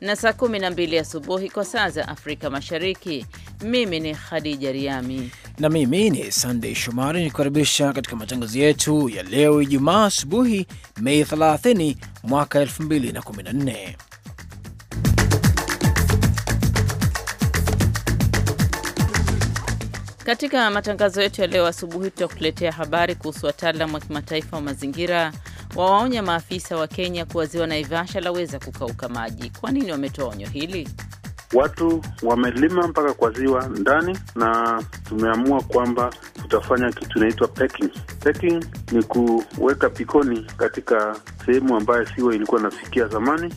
na saa 12 asubuhi kwa saa za Afrika Mashariki. Mimi ni Khadija Riami na mimi ni Sandey Shomari nikukaribisha katika matangazo yetu ya leo Ijumaa asubuhi Mei 30 mwaka 2014. Katika matangazo yetu ya leo asubuhi tutakuletea habari kuhusu wataalamu wa kimataifa wa mazingira wawaonya maafisa wa Kenya kuwa ziwa Naivasha laweza kukauka maji. Kwa nini wametoa onyo hili? Watu wamelima mpaka kwa ziwa ndani, na tumeamua kwamba tutafanya kitu inaitwa ni kuweka pikoni katika sehemu ambayo siwa ilikuwa inafikia zamani.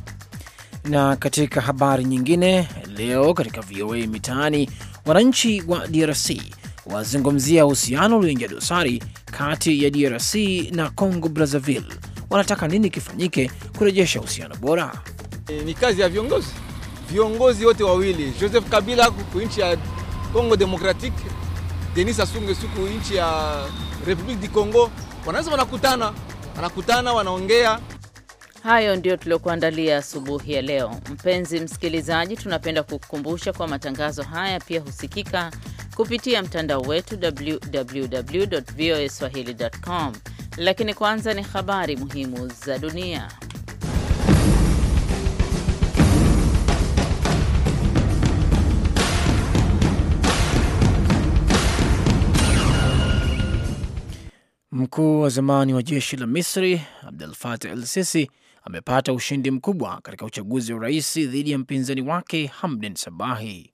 Na katika habari nyingine, leo katika VOA Mitaani, wananchi wa DRC wazungumzia uhusiano ulioingia dosari kati ya DRC na Congo Brazzaville wanataka nini kifanyike kurejesha uhusiano bora. E, ni kazi ya viongozi viongozi wote wawili, Joseph Kabila ku nchi ya Congo Democratic, Denis Sassou Nguesso ku nchi ya Republique du Congo, wanaweza wanakutana, wanakutana wanaongea. Hayo ndiyo tuliokuandalia asubuhi ya leo. Mpenzi msikilizaji, tunapenda kukukumbusha kwa matangazo haya pia husikika kupitia mtandao wetu www voa swahili com lakini kwanza ni habari muhimu za dunia. Mkuu wa zamani wa jeshi la Misri Abdel Fattah El Sisi amepata ushindi mkubwa katika uchaguzi wa urais dhidi ya mpinzani wake Hamden Sabahi.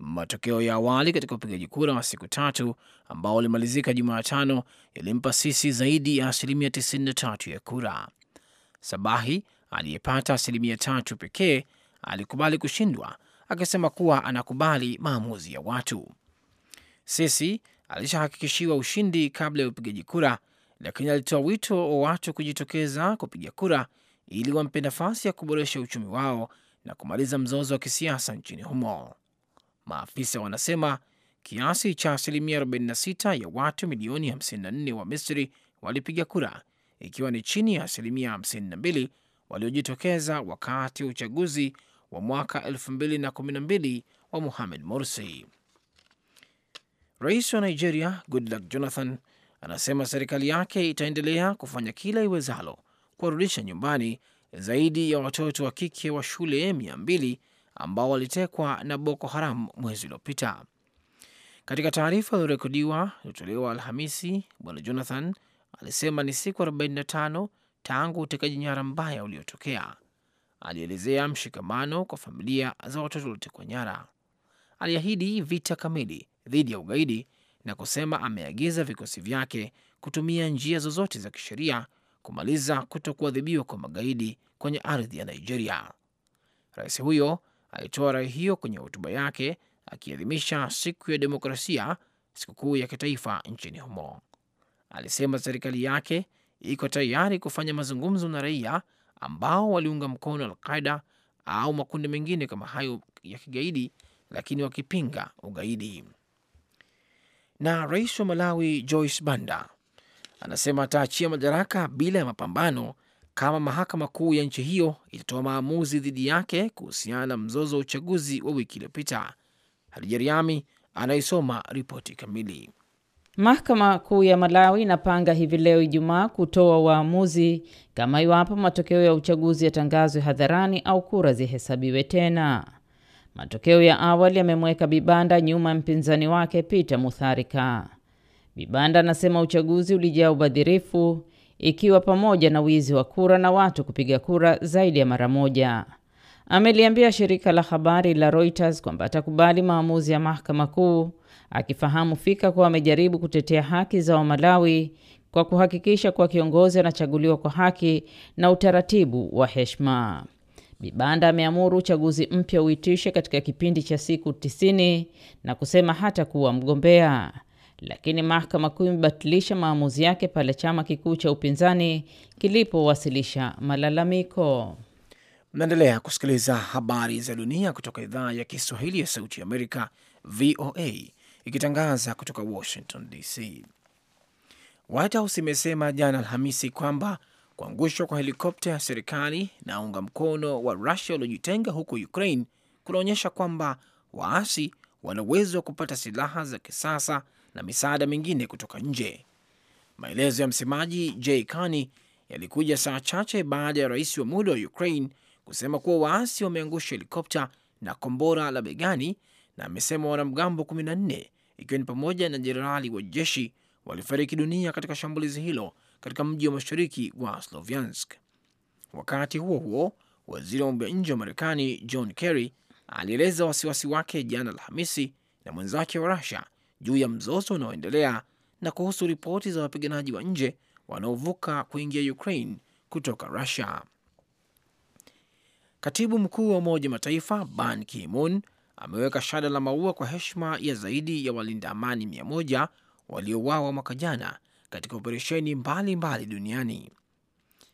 Matokeo ya awali katika upigaji kura wa siku tatu ambao ulimalizika Jumatano yalimpa Sisi zaidi ya asilimia 93 ya kura. Sabahi aliyepata asilimia tatu pekee alikubali kushindwa, akisema kuwa anakubali maamuzi ya watu. Sisi alishahakikishiwa ushindi kabla ya upigaji kura, lakini alitoa wito wa watu kujitokeza kupiga kura ili wampe nafasi ya kuboresha uchumi wao na kumaliza mzozo wa kisiasa nchini humo. Maafisa wanasema kiasi cha asilimia 46 ya watu milioni 54 wa Misri walipiga kura, ikiwa ni chini ya asilimia 52 waliojitokeza wakati wa uchaguzi wa mwaka 2012 wa muhamed Morsi. Rais wa Nigeria Goodluck Jonathan anasema serikali yake itaendelea kufanya kila iwezalo kuwarudisha nyumbani zaidi ya watoto wa kike wa shule mia mbili ambao walitekwa na Boko Haram mwezi uliopita. Katika taarifa iliyorekodiwa iliyotolewa Alhamisi, Bwana Jonathan alisema ni siku 45 tangu utekaji nyara mbaya uliotokea. Alielezea mshikamano kwa familia za watoto waliotekwa nyara. Aliahidi vita kamili dhidi ya ugaidi na kusema ameagiza vikosi vyake kutumia njia zozote za kisheria kumaliza kutokuadhibiwa kwa magaidi kwenye ardhi ya Nigeria. Rais huyo alitoa rai hiyo kwenye hotuba yake akiadhimisha siku ya demokrasia, sikukuu ya kitaifa nchini humo. Alisema serikali yake iko tayari kufanya mazungumzo na raia ambao waliunga mkono Alqaida au makundi mengine kama hayo ya kigaidi, lakini wakipinga ugaidi. Na rais wa Malawi Joyce Banda anasema ataachia madaraka bila ya mapambano kama mahakama kuu ya nchi hiyo itatoa maamuzi dhidi yake kuhusiana na mzozo wa uchaguzi wa wiki iliyopita. hadijariami anaisoma ripoti kamili. Mahakama Kuu ya Malawi inapanga hivi leo Ijumaa kutoa waamuzi kama iwapo matokeo ya uchaguzi yatangazwe hadharani au kura zihesabiwe tena. Matokeo ya awali yamemweka Bibanda nyuma ya mpinzani wake Peter Mutharika. Bibanda anasema uchaguzi ulijaa ubadhirifu ikiwa pamoja na wizi wa kura na watu kupiga kura zaidi ya mara moja. Ameliambia shirika la habari la Reuters kwamba atakubali maamuzi ya mahakama kuu, akifahamu fika kuwa amejaribu kutetea haki za Wamalawi kwa kuhakikisha kuwa kiongozi anachaguliwa kwa haki na utaratibu wa heshima. Bibanda ameamuru uchaguzi mpya uitishe katika kipindi cha siku tisini na kusema hata kuwa mgombea lakini mahakama kuu imebatilisha maamuzi yake pale chama kikuu cha upinzani kilipowasilisha malalamiko. Mnaendelea kusikiliza habari za dunia kutoka idhaa ya Kiswahili ya Sauti ya Amerika, VOA, ikitangaza kutoka Washington DC. White House imesema jana Alhamisi kwamba kuangushwa kwa helikopta ya serikali na unga mkono wa Rusia uliojitenga huko Ukraine kunaonyesha kwamba waasi wana uwezo wa kupata silaha za kisasa na misaada mingine kutoka nje. Maelezo ya msemaji Jay Kani yalikuja saa chache baada ya rais wa muda wa Ukraine kusema kuwa waasi wameangusha helikopta na kombora la begani, na amesema wanamgambo 14 ikiwa ni pamoja na jenerali wa jeshi walifariki dunia katika shambulizi hilo katika mji wa mashariki wa Sloviansk. Wakati huo huo, waziri wa mambo ya nje wa Marekani John Kerry alieleza wasiwasi wake jana Alhamisi na mwenzake wa Rusia juu ya mzozo unaoendelea na kuhusu ripoti za wapiganaji wa nje wanaovuka kuingia Ukraine kutoka Russia. Katibu mkuu wa Umoja Mataifa Ban Ki-moon ameweka shada la maua kwa heshima ya zaidi ya walinda amani mia moja waliouawa mwaka jana katika operesheni mbalimbali duniani.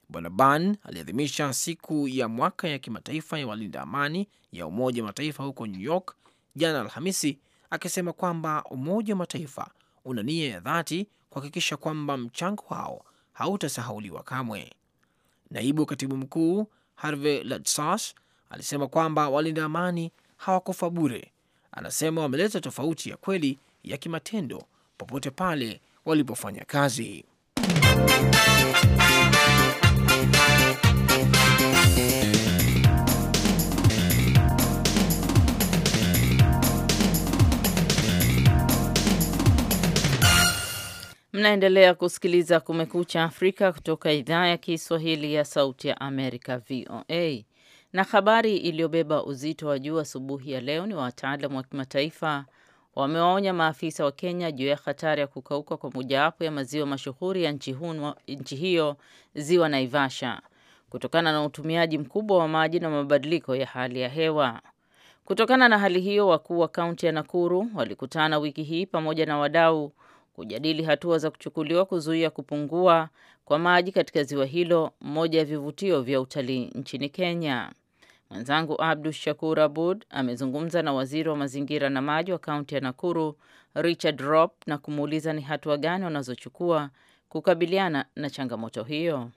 Bwana Ban aliadhimisha siku ya mwaka ya kimataifa ya walinda amani ya Umoja Mataifa huko New York jana Alhamisi akisema kwamba Umoja wa Mataifa una nia ya dhati kuhakikisha kwamba mchango wao hautasahauliwa kamwe. Naibu katibu mkuu Harve Ladsous alisema kwamba walinda amani hawakufa bure. Anasema wameleta tofauti ya kweli ya kimatendo popote pale walipofanya kazi. Mnaendelea kusikiliza Kumekucha Afrika kutoka idhaa ya Kiswahili ya Sauti ya Amerika, VOA. Na habari iliyobeba uzito wa juu asubuhi ya leo ni wataalam wa kimataifa wamewaonya maafisa wa Kenya juu ya hatari ya kukauka kwa mojawapo ya maziwa mashuhuri ya nchi hiyo, ziwa Naivasha, kutokana na utumiaji mkubwa wa maji na mabadiliko ya hali ya hewa. Kutokana na hali hiyo, wakuu wa kaunti ya Nakuru walikutana wiki hii pamoja na wadau kujadili hatua za kuchukuliwa kuzuia kupungua kwa maji katika ziwa hilo, moja ya vivutio vya utalii nchini Kenya. Mwenzangu Abdu Shakur Abud amezungumza na waziri wa mazingira na maji wa kaunti ya Nakuru, Richard Rop, na kumuuliza ni hatua gani wanazochukua kukabiliana na changamoto hiyo.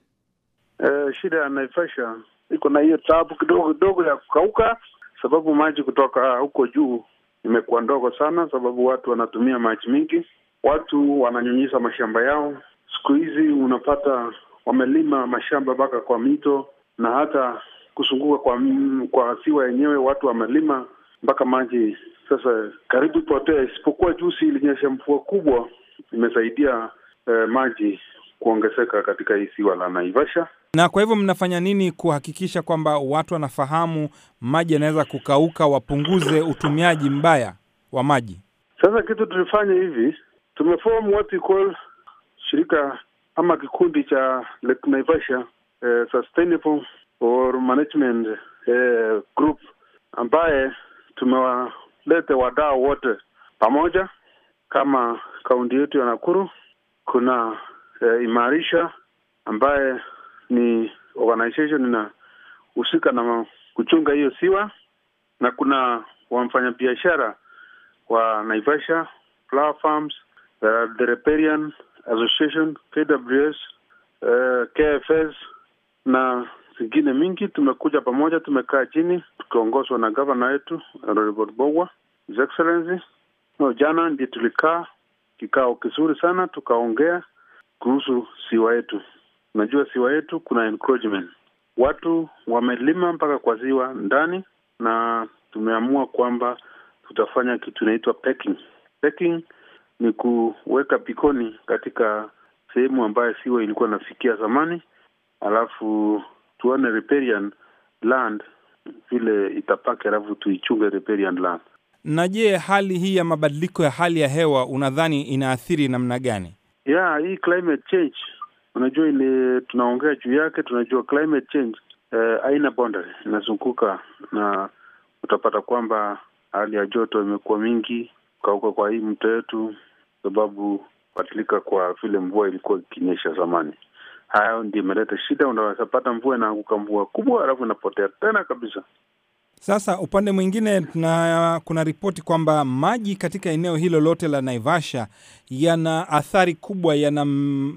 Eh, shida ya Naivasha iko na hiyo tabu kidogo kidogo ya kukauka, sababu maji kutoka huko juu imekuwa ndogo sana, sababu watu wanatumia maji mingi watu wananyunyiza mashamba yao. Siku hizi unapata wamelima mashamba mpaka kwa mito na hata kuzunguka kwa kwa siwa yenyewe, watu wamelima mpaka maji sasa karibu potea isipokuwa juzi ilinyesha mvua kubwa, imesaidia eh, maji kuongezeka katika hii siwa la Naivasha. Na kwa hivyo mnafanya nini kuhakikisha kwamba watu wanafahamu maji yanaweza kukauka, wapunguze utumiaji mbaya wa maji? Sasa kitu tulifanya hivi, tumeform what we call shirika ama kikundi cha Lake Naivasha eh, Sustainable or Management eh, Group ambaye tumewalete wadau wote pamoja kama kaunti yetu ya Nakuru kuna eh, Imarisha ambaye ni organization inahusika na kuchunga hiyo siwa, na kuna wamfanyabiashara wa Naivasha Flower Farms There uh, are the Riparian Association, KWS, uh, KFS na zingine mingi. Tumekuja pamoja, tumekaa chini tukiongozwa na gavana wetu Robert Bogwa, His Excellency. No, jana ndi tulikaa kikao kizuri sana, tukaongea kuhusu siwa yetu. Unajua siwa yetu kuna encroachment, watu wamelima mpaka kwa ziwa ndani, na tumeamua kwamba tutafanya kitu inaitwa pecking. Pecking ni kuweka pikoni katika sehemu ambayo siwa ilikuwa inafikia zamani, alafu tuone riparian land vile itapake, alafu tuichunge riparian land. Na je, hali hii ya mabadiliko ya hali ya hewa unadhani inaathiri namna gani? Yeah, hii climate change unajua ile tunaongea juu yake, tunajua climate change eh, haina eh, boundary inazunguka, na utapata kwamba hali ya joto imekuwa mingi, ukauka kwa hii mto yetu sababu kuathirika kwa vile mvua ilikuwa ikinyesha zamani. Hayo ndio imeleta shida, unaweza pata mvua inaanguka mvua kubwa, alafu inapotea tena kabisa. Sasa upande mwingine tuna, kuna ripoti kwamba maji katika eneo hilo lote la Naivasha yana athari kubwa, yana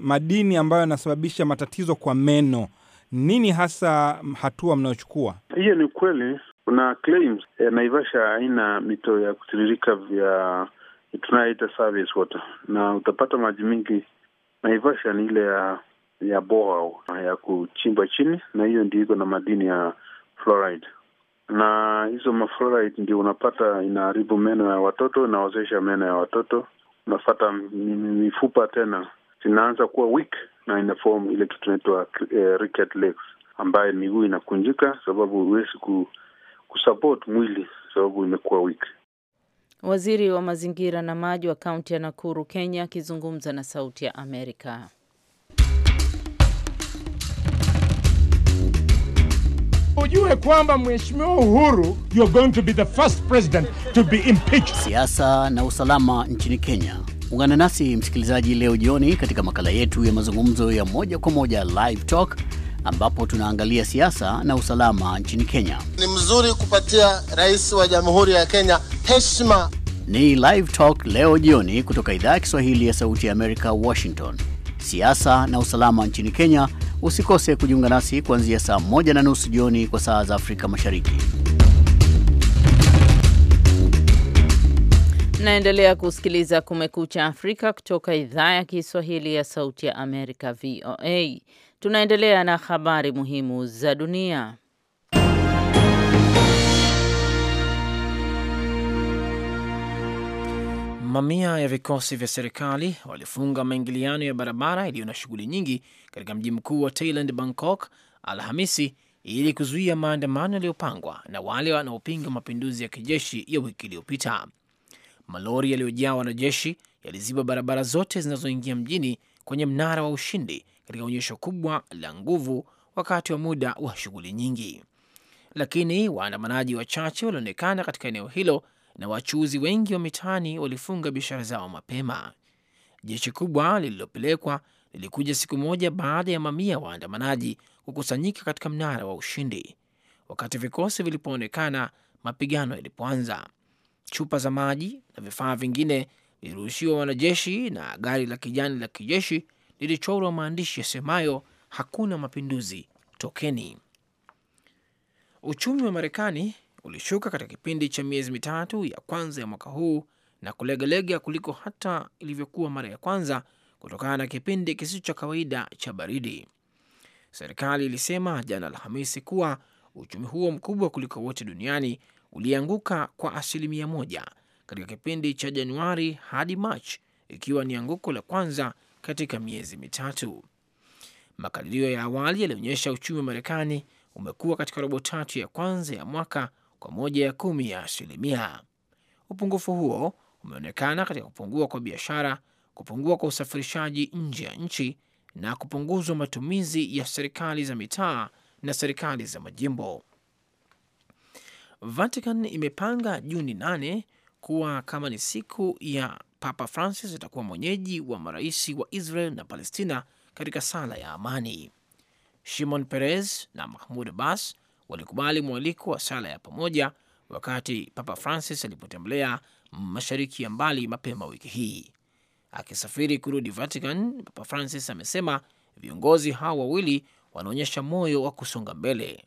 madini ambayo yanasababisha matatizo kwa meno. Nini hasa hatua mnayochukua? Hiyo ni kweli, kuna claims eh, Naivasha haina mito ya kutiririka vya tunaita service water, na utapata maji mingi Naivasha ni ile ya ya boa ya kuchimba chini, na hiyo ndio iko na madini ya fluoride, na hizo mafluoride ndio unapata inaharibu meno ya watoto, inaozesha meno ya watoto, unapata mifupa tena zinaanza kuwa weak na form ile tunaitwa uh, eh, ricket legs, ambaye miguu inakunjika sababu huwezi ku, kusupport mwili sababu imekuwa weak. Waziri wa mazingira na maji wa kaunti ya Nakuru, Kenya, akizungumza na Sauti ya Amerika. Ujue kwamba Mheshimiwa Uhuru, going to be the first president to be impeached. Siasa na usalama nchini Kenya. Ungana nasi msikilizaji, leo jioni katika makala yetu ya mazungumzo ya moja kwa moja Live Talk, ambapo tunaangalia siasa na usalama nchini Kenya. Ni mzuri kupatia rais wa Jamhuri ya Kenya heshima. Ni Live Talk leo jioni kutoka idhaa ya Kiswahili ya Sauti ya Amerika, Washington. Siasa na usalama nchini Kenya. Usikose kujiunga nasi kuanzia saa moja na nusu jioni kwa saa za Afrika Mashariki. Naendelea kusikiliza Kumekucha Afrika kutoka idhaa ya Kiswahili ya Sauti ya Amerika, VOA. Tunaendelea na habari muhimu za dunia. Mamia ya vikosi vya serikali walifunga maingiliano ya barabara iliyo na shughuli nyingi katika mji mkuu wa Thailand, Bangkok, Alhamisi ili kuzuia maandamano yaliyopangwa na wale wanaopinga mapinduzi ya kijeshi ya wiki iliyopita. Malori yaliyojaa wanajeshi yaliziba barabara zote zinazoingia mjini kwenye mnara wa ushindi katika onyesho kubwa la nguvu wakati wa muda wa shughuli nyingi, lakini waandamanaji wachache walionekana katika eneo hilo na wachuuzi wengi wa mitaani walifunga biashara zao mapema. Jeshi kubwa lililopelekwa lilikuja siku moja baada ya mamia waandamanaji kukusanyika katika mnara wa Ushindi. Wakati vikosi vilipoonekana, mapigano yalipoanza. Chupa za maji na vifaa vingine vilirushiwa wanajeshi na gari la kijani la kijeshi lilichorwa maandishi yasemayo hakuna mapinduzi, tokeni. Uchumi wa Marekani ulishuka katika kipindi cha miezi mitatu ya kwanza ya mwaka huu na kulegalega kuliko hata ilivyokuwa mara ya kwanza kutokana na kipindi kisicho cha kawaida cha baridi. Serikali ilisema jana Alhamisi kuwa uchumi huo mkubwa kuliko wote duniani ulianguka kwa asilimia moja katika kipindi cha Januari hadi Machi, ikiwa ni anguko la kwanza katika miezi mitatu. Makadirio ya awali yalionyesha uchumi wa Marekani umekuwa katika robo tatu ya kwanza ya mwaka kwa moja ya kumi ya asilimia. Upungufu huo umeonekana katika kupungua kwa biashara, kupungua kwa usafirishaji nje ya nchi na kupunguzwa matumizi ya serikali za mitaa na serikali za majimbo. Vatican imepanga Juni nane kuwa kama ni siku ya Papa Francis atakuwa mwenyeji wa marais wa Israel na Palestina katika sala ya amani. Shimon Peres na Mahmud Abbas walikubali mwaliko wa sala ya pamoja wakati Papa Francis alipotembelea mashariki ya mbali mapema wiki hii. Akisafiri kurudi Vatican, Papa Francis amesema viongozi hao wawili wanaonyesha moyo wa kusonga mbele.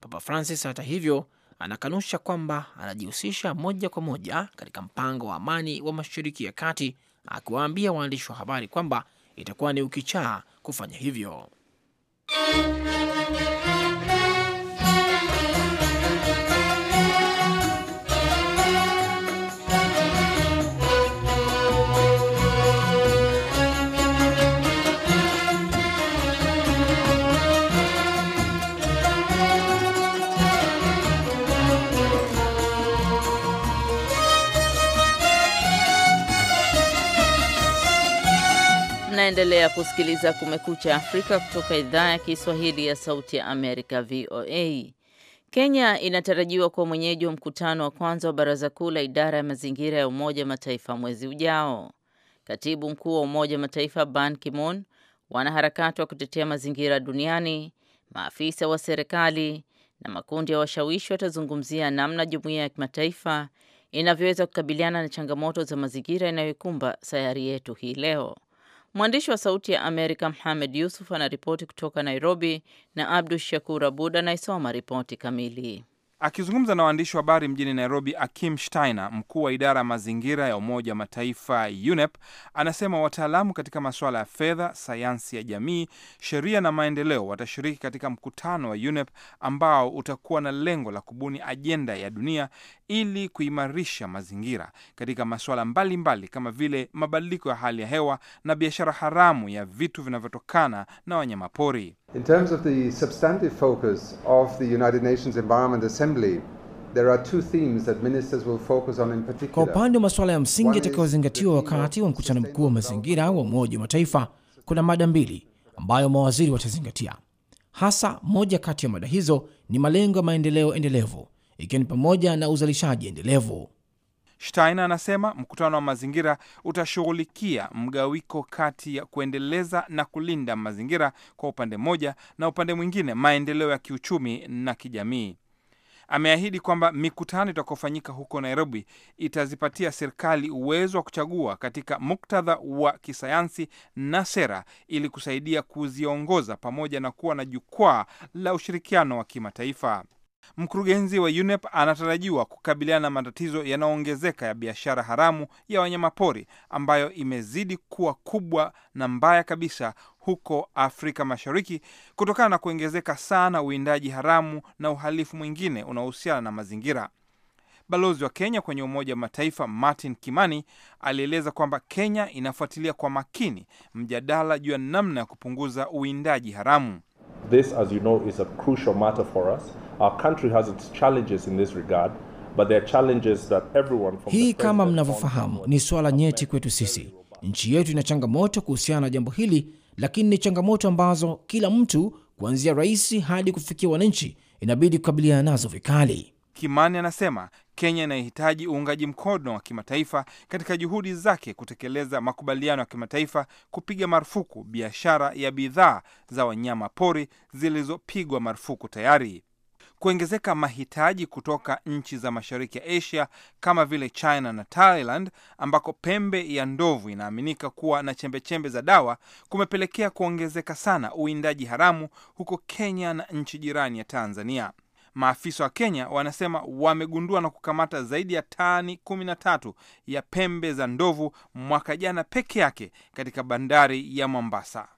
Papa Francis hata hivyo anakanusha kwamba anajihusisha moja kwa moja katika mpango wa amani wa mashariki ya kati, akiwaambia waandishi wa habari kwamba itakuwa ni ukichaa kufanya hivyo. Mnaendelea kusikiliza Kumekucha Afrika kutoka idhaa ya Kiswahili ya Sauti ya Amerika, VOA. Kenya inatarajiwa kuwa mwenyeji wa mkutano wa kwanza wa Baraza Kuu la Idara ya Mazingira ya Umoja wa Mataifa mwezi ujao. Katibu Mkuu wa Umoja wa Mataifa Ban Ki-moon, wanaharakati wa kutetea mazingira duniani, maafisa wa serikali na makundi ya washawishi watazungumzia namna jumuiya ya kimataifa inavyoweza kukabiliana na changamoto za mazingira inayoikumba sayari yetu hii leo. Mwandishi wa Sauti ya Amerika Mohamed Yusuf anaripoti kutoka Nairobi na Abdu Shakur Abud anaisoma ripoti kamili. Akizungumza na waandishi wa habari mjini Nairobi, Akim Steiner, mkuu wa idara ya mazingira ya Umoja wa Mataifa UNEP, anasema wataalamu katika masuala ya fedha, sayansi ya jamii, sheria na maendeleo watashiriki katika mkutano wa UNEP ambao utakuwa na lengo la kubuni ajenda ya dunia ili kuimarisha mazingira katika masuala mbalimbali kama vile mabadiliko ya hali ya hewa na biashara haramu ya vitu vinavyotokana na wanyamapori. In terms of the substantive focus of the United Nations Environment Assembly kwa upande wa masuala ya msingi yatakayozingatiwa wakati wa mkutano mkuu wa mazingira wa Umoja wa Mataifa, kuna mada mbili ambayo mawaziri watazingatia hasa. Moja kati ya mada hizo ni malengo ya maendeleo endelevu ikiwa ni pamoja na uzalishaji endelevu. Stein anasema mkutano wa mazingira utashughulikia mgawiko kati ya kuendeleza na kulinda mazingira kwa upande mmoja na upande mwingine maendeleo ya kiuchumi na kijamii. Ameahidi kwamba mikutano itakaofanyika huko Nairobi itazipatia serikali uwezo wa kuchagua katika muktadha wa kisayansi na sera ili kusaidia kuziongoza pamoja na kuwa na jukwaa la ushirikiano wa kimataifa. Mkurugenzi wa UNEP anatarajiwa kukabiliana na matatizo yanayoongezeka ya biashara haramu ya wanyamapori ambayo imezidi kuwa kubwa na mbaya kabisa huko Afrika Mashariki kutokana na kuongezeka sana uwindaji haramu na uhalifu mwingine unaohusiana na mazingira. Balozi wa Kenya kwenye Umoja wa Mataifa Martin Kimani alieleza kwamba Kenya inafuatilia kwa makini mjadala juu ya namna ya kupunguza uwindaji haramu. This, as you know, is a crucial matter for us. Our country has its challenges in this regard. But there are challenges that everyone from hii, kama mnavyofahamu, ni swala nyeti kwetu sisi. Nchi yetu ina changamoto kuhusiana na jambo hili, lakini ni changamoto ambazo kila mtu kuanzia rais hadi kufikia wananchi inabidi kukabiliana nazo vikali. Kimani anasema Kenya inahitaji uungaji mkono wa kimataifa katika juhudi zake kutekeleza makubaliano ya kimataifa kupiga marufuku biashara ya bidhaa za wanyama pori zilizopigwa marufuku tayari kuongezeka mahitaji kutoka nchi za mashariki ya Asia kama vile China na Thailand, ambako pembe ya ndovu inaaminika kuwa na chembechembe za dawa, kumepelekea kuongezeka sana uwindaji haramu huko Kenya na nchi jirani ya Tanzania. Maafisa wa Kenya wanasema wamegundua na kukamata zaidi ya tani 13 ya pembe za ndovu mwaka jana peke yake katika bandari ya Mombasa.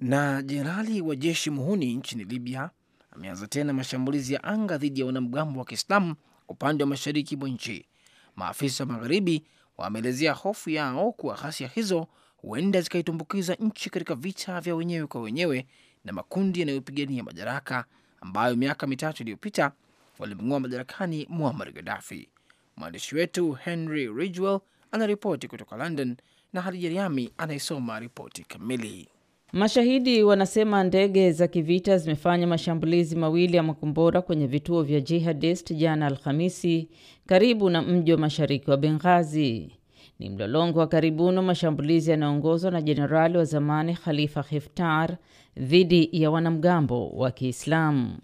Na jenerali wa jeshi muhuni nchini Libya ameanza tena mashambulizi ya anga dhidi ya wanamgambo wa Kiislamu upande wa mashariki mwa nchi. Maafisa wa magharibi wameelezea hofu yao kuwa ghasia hizo huenda zikaitumbukiza nchi katika vita vya wenyewe kwa wenyewe na makundi yanayopigania madaraka ambayo miaka mitatu iliyopita walimng'oa madarakani Muammar Gaddafi. Mwandishi wetu Henry Ridgwell anaripoti kutoka London na Hadija Riami anayesoma ripoti kamili. Mashahidi wanasema ndege za kivita zimefanya mashambulizi mawili ya makombora kwenye vituo vya jihadist jana Alhamisi karibu na mji wa mashariki wa Benghazi. Ni mlolongo wa karibuni mashambulizi yanayoongozwa na jenerali wa zamani Khalifa Haftar dhidi ya wanamgambo wa Kiislamu.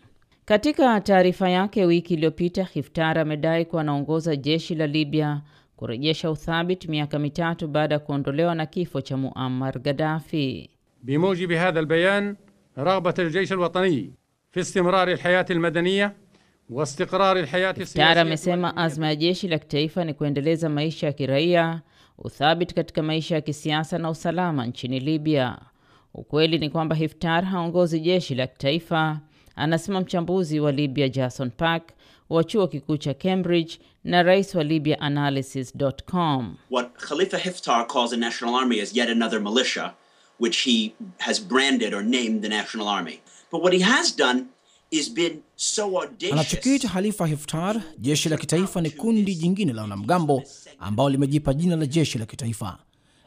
Katika taarifa yake wiki iliyopita, Haftar amedai kuwa anaongoza jeshi la Libya kurejesha uthabiti miaka mitatu baada ya kuondolewa na kifo cha Muammar Gaddafi. بموجب هذا البيان رغبة الجيش الوطني في استمرار الحياة المدنية واستقرار الحياة السياسية. تارا مسيما أزمة جيش لك تيفا kitaifa ni مايشا كريا وثابت كتك مايشا كسياسة نو سلاما kisiasa ليبيا Ukweli ni kwamba Haftar haongozi jeshi la kitaifa, anasema mchambuzi wa Libya Jason Park wa chuo kikuu cha Cambridge na rais wa Libya Analysis.com. What Khalifa Hiftar calls a national army is yet another militia which he has branded or named the National Army. But what he has done is been so audacious. Anachokiita Halifa Haftar, jeshi la kitaifa ni kundi jingine la wanamgambo ambao limejipa jina la jeshi la kitaifa,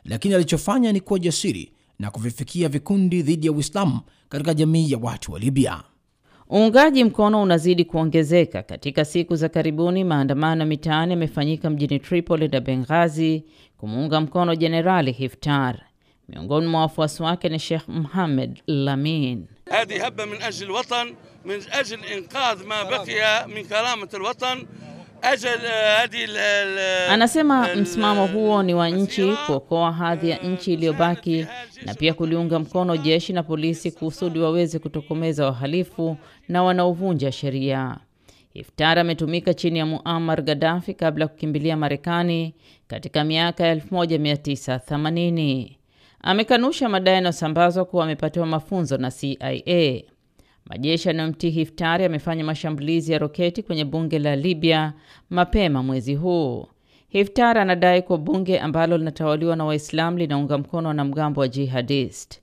lakini alichofanya ni kuwa jasiri na kuvifikia vikundi dhidi ya Uislamu katika jamii ya watu wa Libya. Uungaji mkono unazidi kuongezeka. Katika siku za karibuni, maandamano ya mitaani yamefanyika mjini Tripoli na Benghazi kumuunga mkono Jenerali Haftar. Miongoni mwa wafuasi wake ni Sheikh Mohamed Lamin. hadi haba min ajli alwatan min ajli inqadh ma bakia min karamat alwatan eh, Anasema msimamo huo ni wa nchi kuokoa hadhi ya nchi iliyobaki na pia kuliunga mkono jeshi na polisi kusudi waweze kutokomeza wahalifu na wanaovunja sheria. Iftar ametumika chini ya Muammar Gaddafi kabla ya kukimbilia Marekani katika miaka ya 1980 amekanusha madai yanayosambazwa kuwa amepatiwa mafunzo na CIA. Majeshi yanayomtii Hiftari amefanya mashambulizi ya roketi kwenye bunge la Libya mapema mwezi huu. Hiftar anadai kuwa bunge ambalo linatawaliwa na Waislamu linaunga mkono wanamgambo wa jihadist.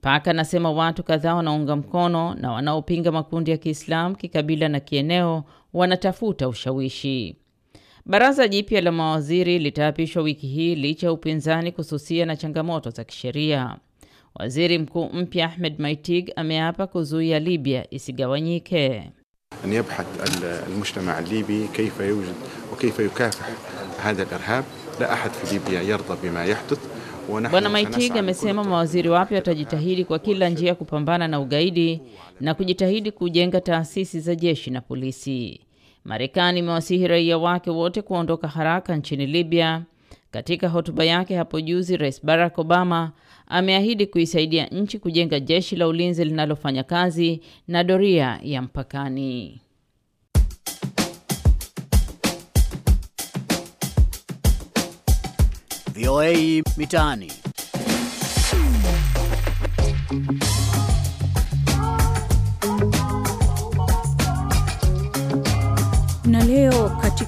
Paka anasema watu kadhaa wanaunga mkono na wanaopinga makundi ya Kiislamu kikabila na kieneo wanatafuta ushawishi. Baraza jipya la mawaziri litaapishwa wiki hii licha ya upinzani kususia na changamoto za kisheria. Waziri Mkuu mpya Ahmed Maitig ameapa kuzuia Libya isigawanyike. Bwana Maitig amesema mawaziri wapya watajitahidi kwa kila njia kupambana na ugaidi na kujitahidi kujenga taasisi za jeshi na polisi. Marekani imewasihi raia wake wote kuondoka haraka nchini Libya. Katika hotuba yake hapo juzi, Rais Barack Obama ameahidi kuisaidia nchi kujenga jeshi la ulinzi linalofanya kazi na doria ya mpakani. VOA mitaani.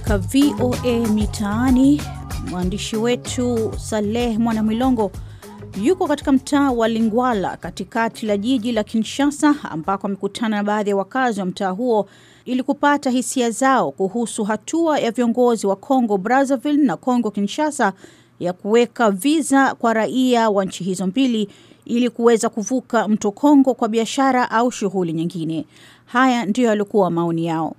katika VOA Mitaani. Mwandishi wetu Saleh Mwanamilongo yuko katika mtaa wa Lingwala katikati la jiji la Kinshasa, ambako amekutana na baadhi ya wakazi wa mtaa huo ili kupata hisia zao kuhusu hatua ya viongozi wa Congo Brazzaville na Congo Kinshasa ya kuweka viza kwa raia wa nchi hizo mbili ili kuweza kuvuka mto Kongo kwa biashara au shughuli nyingine. Haya ndiyo yalikuwa maoni yao.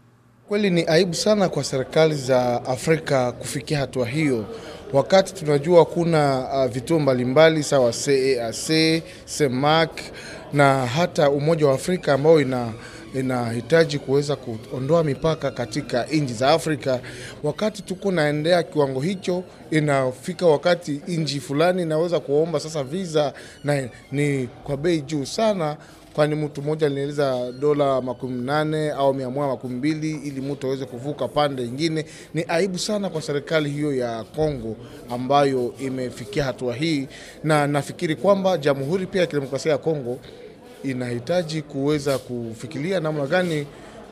Kweli ni aibu sana kwa serikali za Afrika kufikia hatua hiyo, wakati tunajua kuna uh, vituo mbalimbali sawa CEAC, CEMAC na hata Umoja wa Afrika ambao ina inahitaji kuweza kuondoa mipaka katika nchi za Afrika. Wakati tuko naendea kiwango hicho, inafika wakati nchi fulani inaweza kuomba sasa visa na ni kwa bei juu sana kwani mtu mmoja alinieleza dola makumi nane au mia moja makumi mbili ili mtu aweze kuvuka pande ingine. Ni aibu sana kwa serikali hiyo ya Kongo ambayo imefikia hatua hii, na nafikiri kwamba Jamhuri pia ya Kidemokrasia ya Kongo inahitaji kuweza kufikiria namna gani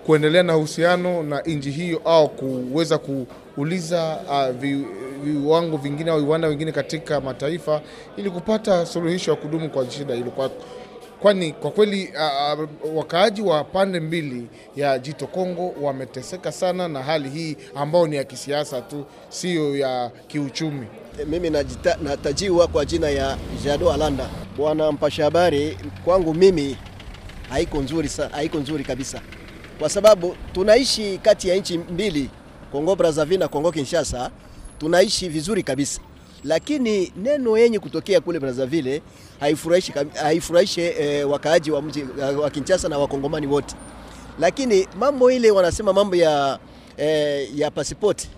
kuendelea na uhusiano na nchi hiyo au kuweza kuuliza uh, vi, viwango vingine au viwanda vingine katika mataifa ili kupata suluhisho ya kudumu kwa shida hilo. Kwa kwani kwa kweli uh, wakaaji wa pande mbili ya Jito Kongo wameteseka sana na hali hii ambayo ni ya kisiasa tu, siyo ya kiuchumi. Mimi najita, natajiwa kwa jina ya Jado Alanda. Bwana mpasha habari, kwangu mimi haiko nzuri, haiko nzuri kabisa, kwa sababu tunaishi kati ya nchi mbili, Kongo Brazzaville na Kongo Kinshasa, tunaishi vizuri kabisa lakini neno yenye kutokea kule Brazzaville haifurahishi haifurahishe e, eh, wakaaji wa mji eh, wa Kinshasa na wakongomani wote, lakini mambo ile wanasema mambo ya, e, ya pasipoti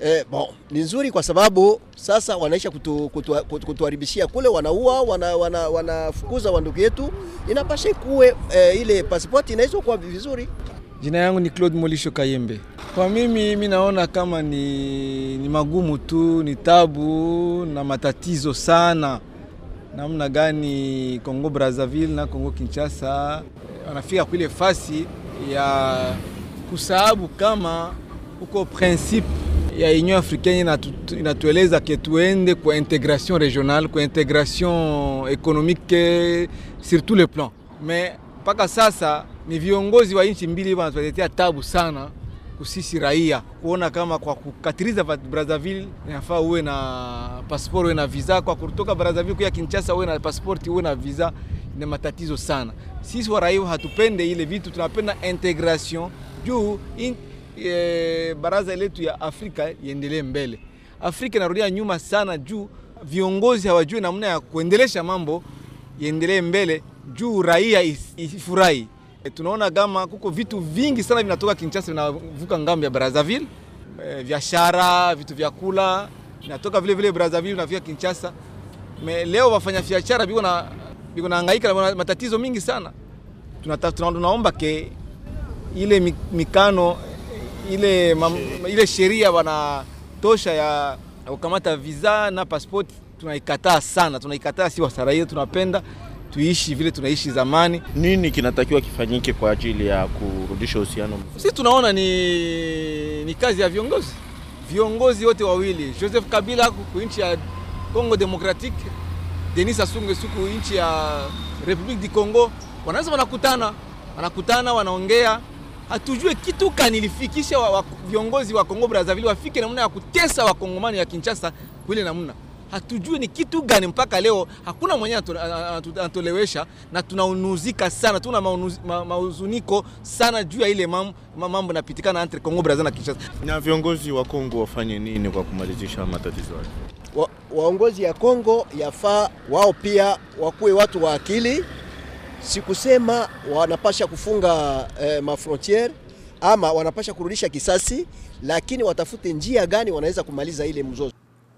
Eh, bon, ni nzuri kwa sababu sasa wanaisha kutu, kutu, kutu, kutuharibishia kule, wanaua wanafukuza wana, wana wandugu yetu. Inapasha kuwe eh, ile pasipoti inaweza kuwa vizuri. Jina yangu ni Claude Molisho Kayembe. Kwa mimi mi naona kama ni, ni magumu tu, ni tabu na matatizo sana. Namna gani Kongo Brazzaville na Kongo Kinshasa wanafika kule fasi ya kusahabu kama uko principe ya Union Africaine inatueleza ke tuende kwa integration regionale, kwa integration économique sur tous les plans. Mais mpaka sasa ni viongozi wa nchi mbili wanatuletea tabu sana kusisi raia kuona kama kwa kukatiliza Brazzaville inafaa uwe na pasipoti uwe na visa, kwa kutoka Brazzaville kuya Kinshasa uwe na pasipoti uwe na visa. Ni matatizo sana. Sisi wa raia hatupende ile vitu, tunapenda integration juu in, e, baraza letu ya Afrika iendelee mbele. Afrika inarudia nyuma sana juu viongozi hawajui namna ya kuendelesha mambo iendelee mbele juu raia ifurahi. Eh, tunaona kama kuko vitu vingi sana vinatoka Kinshasa vinavuka ngambo ya Brazzaville, e, biashara, vitu vya kula vinatoka vile vile Brazzaville vinafika Kinshasa. Me, leo wafanya biashara biko na biko nahangaika na matatizo mingi sana. Tunata, tunaomba ke ile mikano ile mam, ile sheria tosha ya kukamata visa na passport tunaikataa sana, tunaikataa si wasaraia tunapenda tuishi vile tunaishi zamani. Nini kinatakiwa kifanyike kwa ajili ya kurudisha uhusiano? Sisi tunaona ni, ni kazi ya viongozi viongozi wote wawili, Joseph Kabila ku nchi ya Congo Democratique, Denis Sassou Nguesso ku nchi ya Republique du Congo, wanaweza wanakutana, wanakutana wanaongea, hatujue kitu kanilifikisha wa, wa, viongozi wa Kongo Brazzaville wafike namna ya kutesa wakongomani ya Kinshasa kwile namna hatujui ni kitu gani. Mpaka leo hakuna mwenye anatolewesha, na tunaunuzika sana, tuna mauzuniko sana juu ya ile mambo napitikana entre Congo Brazza na Kinshasa. Na viongozi wa Kongo wafanye nini kwa kumalizisha matatizo hayo? Wa, waongozi ya Kongo yafaa wao pia wakuwe watu wa akili, sikusema wanapasha kufunga eh, mafrontiere ama wanapasha kurudisha kisasi, lakini watafute njia gani wanaweza kumaliza ile mzozo.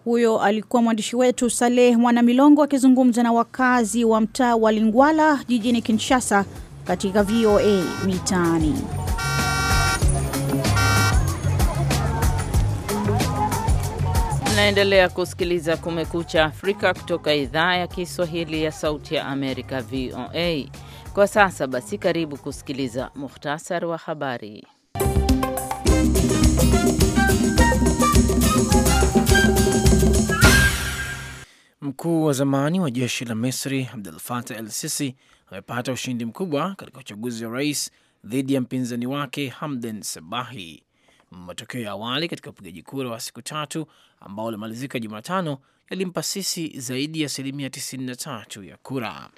Huyo alikuwa mwandishi wetu Saleh Mwanamilongo akizungumza na wakazi wa mtaa wa Lingwala jijini Kinshasa katika VOA Mitaani. Naendelea kusikiliza Kumekucha Afrika kutoka idhaa ya Kiswahili ya Sauti ya Amerika, VOA. Kwa sasa basi, karibu kusikiliza muhtasari wa habari. Mkuu wa zamani wa jeshi la Misri Abdul Fatah El Sisi amepata ushindi mkubwa katika uchaguzi wa rais dhidi ya mpinzani wake Hamden Sebahi. Matokeo ya awali katika upigaji kura wa siku tatu ambao ulimalizika Jumatano yalimpa Sisi zaidi ya asilimia 93 ya kura.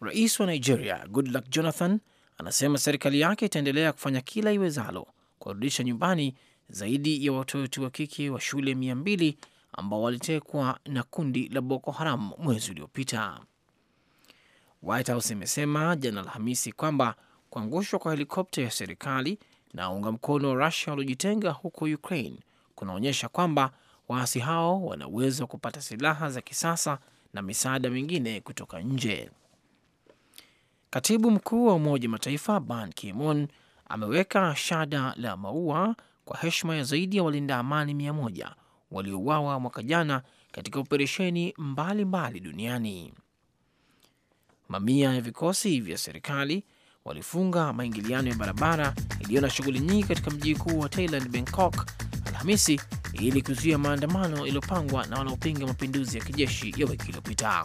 Rais wa Nigeria Goodluck Jonathan anasema serikali yake itaendelea kufanya kila iwezalo kuwarudisha nyumbani zaidi ya watoto wa kike wa shule mia mbili ambao walitekwa na kundi la Boko Haram mwezi uliopita. White House imesema jana Alhamisi kwamba kuangushwa kwa helikopta ya serikali na unga mkono wa Rusia waliojitenga huko Ukraine kunaonyesha kwamba waasi hao wana uwezo wa kupata silaha za kisasa na misaada mingine kutoka nje. Katibu mkuu wa Umoja Mataifa Ban Kimon ameweka shada la maua kwa heshima ya zaidi ya walinda amani mia moja waliouawa mwaka jana katika operesheni mbalimbali duniani. Mamia ya vikosi vya serikali walifunga maingiliano ya barabara iliyo na shughuli nyingi katika mji mkuu wa Thailand, Bangkok, Alhamisi ili kuzuia maandamano yaliyopangwa na wanaopinga mapinduzi ya kijeshi ya wiki iliyopita.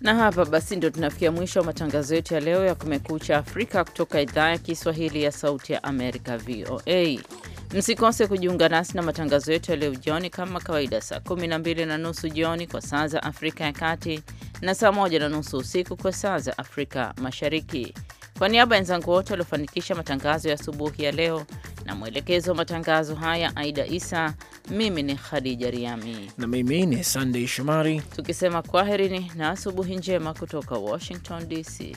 Na hapa basi ndio tunafikia mwisho wa matangazo yetu ya leo ya Kumekucha Afrika kutoka idhaa ya Kiswahili ya Sauti ya Amerika, VOA. Msikose kujiunga nasi na matangazo yetu ya leo jioni kama kawaida, saa 12 na nusu jioni kwa saa za Afrika ya Kati na saa 1 na nusu usiku kwa saa za Afrika Mashariki. Kwa niaba ya wenzangu wote waliofanikisha matangazo ya asubuhi ya leo na mwelekezo wa matangazo haya Aida Isa, mimi ni Khadija Riami na mimi ni Sandey Shomari, tukisema kwaherini na asubuhi njema kutoka Washington DC.